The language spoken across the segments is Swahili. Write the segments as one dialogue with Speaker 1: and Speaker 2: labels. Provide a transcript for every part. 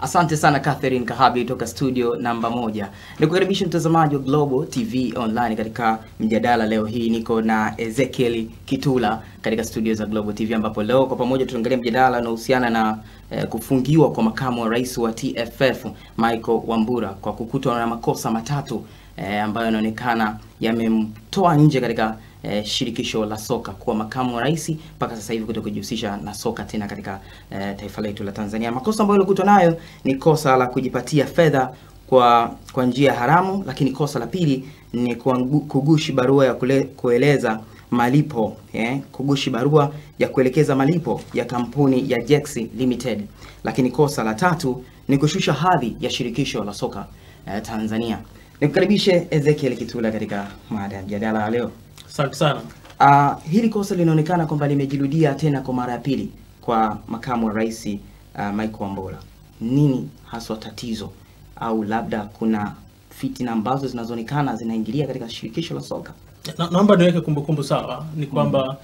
Speaker 1: Asante sana Catherine Kahabi kutoka studio namba moja. Nikukaribisha mtazamaji wa Global TV Online katika mjadala leo hii. Niko na Ezekiel Kitula katika studio za Global TV ambapo leo kwa pamoja tutaangalia mjadala unaohusiana na eh, kufungiwa kwa makamu wa rais wa TFF Michael Wambura kwa kukutwa na makosa matatu eh, ambayo yanaonekana yamemtoa nje katika eh, shirikisho la soka kuwa makamu wa rais mpaka sasa hivi kuto kujihusisha na soka tena katika eh, taifa letu la Tanzania. Makosa ambayo alikutwa nayo ni kosa la kujipatia fedha kwa, kwa njia haramu, lakini kosa la pili ni kugushi barua ya kule, kueleza malipo eh, kugushi barua ya kuelekeza malipo ya kampuni ya Jex Limited, lakini kosa la tatu ni kushusha hadhi ya shirikisho la soka eh, Tanzania. Nikukaribishe Ezekiel Kitula katika mada ya mjadala leo. Asante sana. Uh, hili kosa linaonekana kwamba limejirudia tena kwa mara ya pili kwa makamu wa rais uh, Mike Wambola. Nini haswa tatizo, au labda kuna fitina ambazo zinazoonekana zinaingilia katika shirikisho la soka?
Speaker 2: Na, naomba niweke kumbukumbu sawa, ni kwamba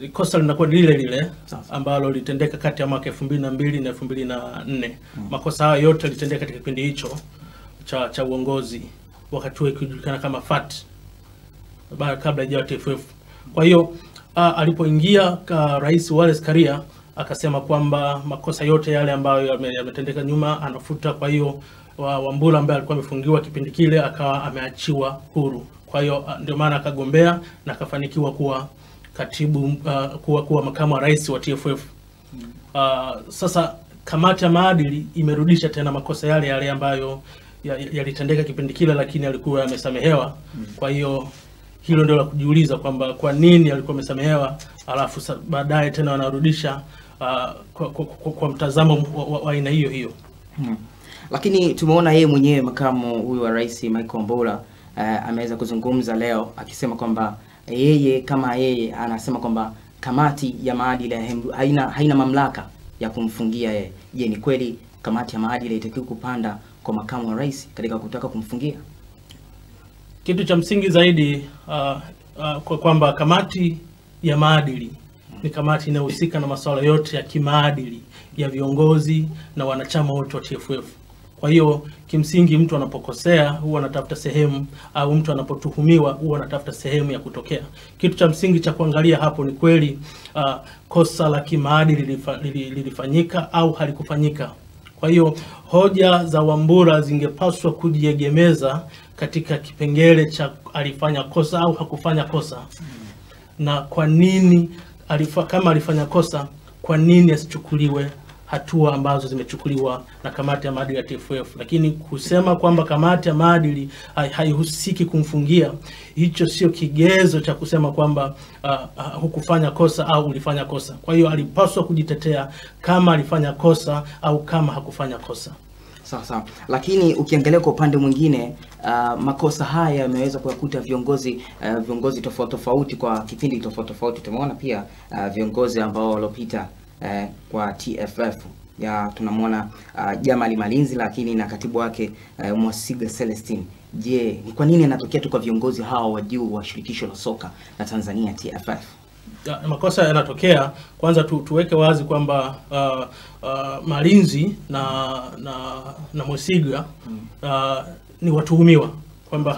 Speaker 2: mm. kosa linakuwa lile lile ambalo litendeka kati ya mwaka 2002 na 2004. Mm. Mm-hmm. Makosa hayo yote litendeka katika kipindi hicho cha, cha uongozi wakati huo ikijulikana kama FAT kabla ya TFF. Kwa hiyo alipoingia Rais Wallace Karia akasema kwamba makosa yote yale ambayo yametendeka nyuma anafuta. Kwa hiyo wa, Wambura ambaye alikuwa amefungiwa kipindi kile akawa ameachiwa huru. Kwa hiyo ndio maana akagombea na akafanikiwa kuwa katibu uh, kuwa, kuwa makamu wa rais wa TFF. Uh, sasa kamati ya maadili imerudisha tena makosa yale yale ambayo yalitendeka ya, kipindi kile, lakini alikuwa yamesamehewa. Hmm. Kwa hiyo hilo ndio la kujiuliza kwamba kwa nini alikuwa amesamehewa alafu baadaye tena wanarudisha uh, kwa, kwa, kwa, kwa mtazamo wa aina hiyo hiyo hmm.
Speaker 1: Lakini tumeona yeye mwenyewe makamu huyu wa rais Michael Mbola uh, eh, ameweza kuzungumza leo akisema kwamba yeye kama yeye anasema kwamba kamati ya maadili haina, haina mamlaka ya kumfungia yeye. Je, ni kweli kamati ya maadili itakiwa kupanda kwa makamu wa rais katika kutaka kumfungia?
Speaker 2: Kitu cha msingi zaidi uh, uh, kwa kwamba kamati ya maadili ni kamati inayohusika na masuala yote ya kimaadili ya viongozi na wanachama wote wa TFF. Kwa hiyo kimsingi, mtu anapokosea huwa anatafuta sehemu au mtu anapotuhumiwa huwa anatafuta sehemu ya kutokea. Kitu cha msingi cha kuangalia hapo ni kweli, uh, kosa la kimaadili lilifanyika au halikufanyika. Kwa hiyo hoja za Wambura zingepaswa kujiegemeza katika kipengele cha alifanya kosa au hakufanya kosa na kwa nini alifa, kama alifanya kosa, kwa nini asichukuliwe hatua ambazo zimechukuliwa na kamati ya maadili ya TFF, lakini kusema kwamba kamati ya maadili ah, haihusiki kumfungia, hicho sio kigezo cha kusema kwamba uh, uh, hukufanya kosa au ulifanya kosa. Kwa hiyo alipaswa kujitetea kama alifanya kosa au kama hakufanya kosa.
Speaker 1: Sawa sawa, lakini ukiangalia kwa upande mwingine uh, makosa haya yameweza kuyakuta viongozi uh, viongozi tofauti tofauti kwa kipindi tofauti tofauti. Tumeona pia uh, viongozi ambao waliopita eh, kwa TFF ya tunamwona uh, ah, Jamali Malinzi lakini na katibu wake uh, eh, Mwasiga Celestine. Je, ni kwa nini anatokea tu kwa viongozi hawa wa juu wa shirikisho la soka la Tanzania TFF?
Speaker 2: Da, makosa yanatokea kwanza tu, tuweke wazi kwamba uh, uh, Malinzi na na, na Mwesiga uh, mm. ni watuhumiwa kwamba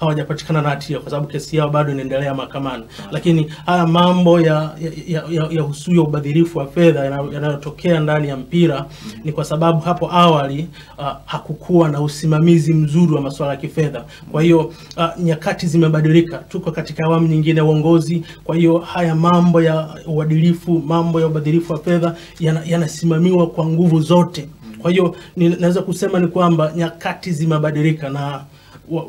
Speaker 2: hawajapatikana na hatia kwa sababu kesi yao bado inaendelea mahakamani. Lakini haya mambo ya ya, ya, ya husuyo ubadhirifu wa fedha yanayotokea ndani ya mpira ni kwa sababu hapo awali uh, hakukuwa na usimamizi mzuri wa masuala ya kifedha. Kwa hiyo uh, nyakati zimebadilika, tuko katika awamu nyingine ya uongozi. Kwa hiyo haya mambo ya uadilifu, mambo ya ubadhirifu wa fedha yanasimamiwa yana kwa nguvu zote kwa hiyo naweza kusema ni kwamba nyakati zimebadilika na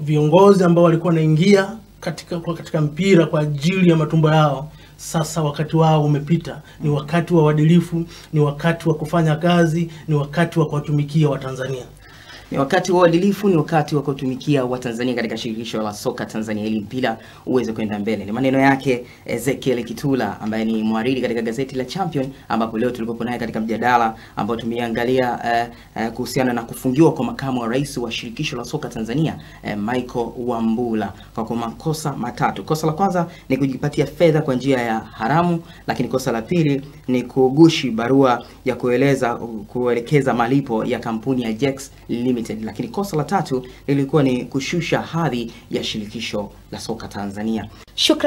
Speaker 2: viongozi ambao walikuwa wanaingia katika, kwa katika mpira kwa ajili ya matumbo yao sasa wakati wao umepita. Ni wakati wa uadilifu, ni wakati wa kufanya kazi, ni wakati wa kuwatumikia Watanzania.
Speaker 1: Ni wakati wa uadilifu, ni wakati wa kutumikia Watanzania katika shirikisho la soka Tanzania ili mpira uweze kwenda mbele. Ni maneno yake Ezekiel Kitula ambaye ni mhariri katika gazeti la Champion, ambapo leo tulikuwa naye katika mjadala ambao tumeangalia eh, eh, kuhusiana na kufungiwa kwa makamu wa rais wa shirikisho la soka Tanzania eh, Michael Wambula kwa makosa matatu. Kosa la kwanza ni kujipatia fedha kwa njia ya haramu, lakini kosa la pili ni kugushi barua ya kueleza kuelekeza malipo ya kampuni ya Jex Limited Limited. Lakini kosa la tatu lilikuwa ni kushusha hadhi ya shirikisho la soka Tanzania. Shukrani.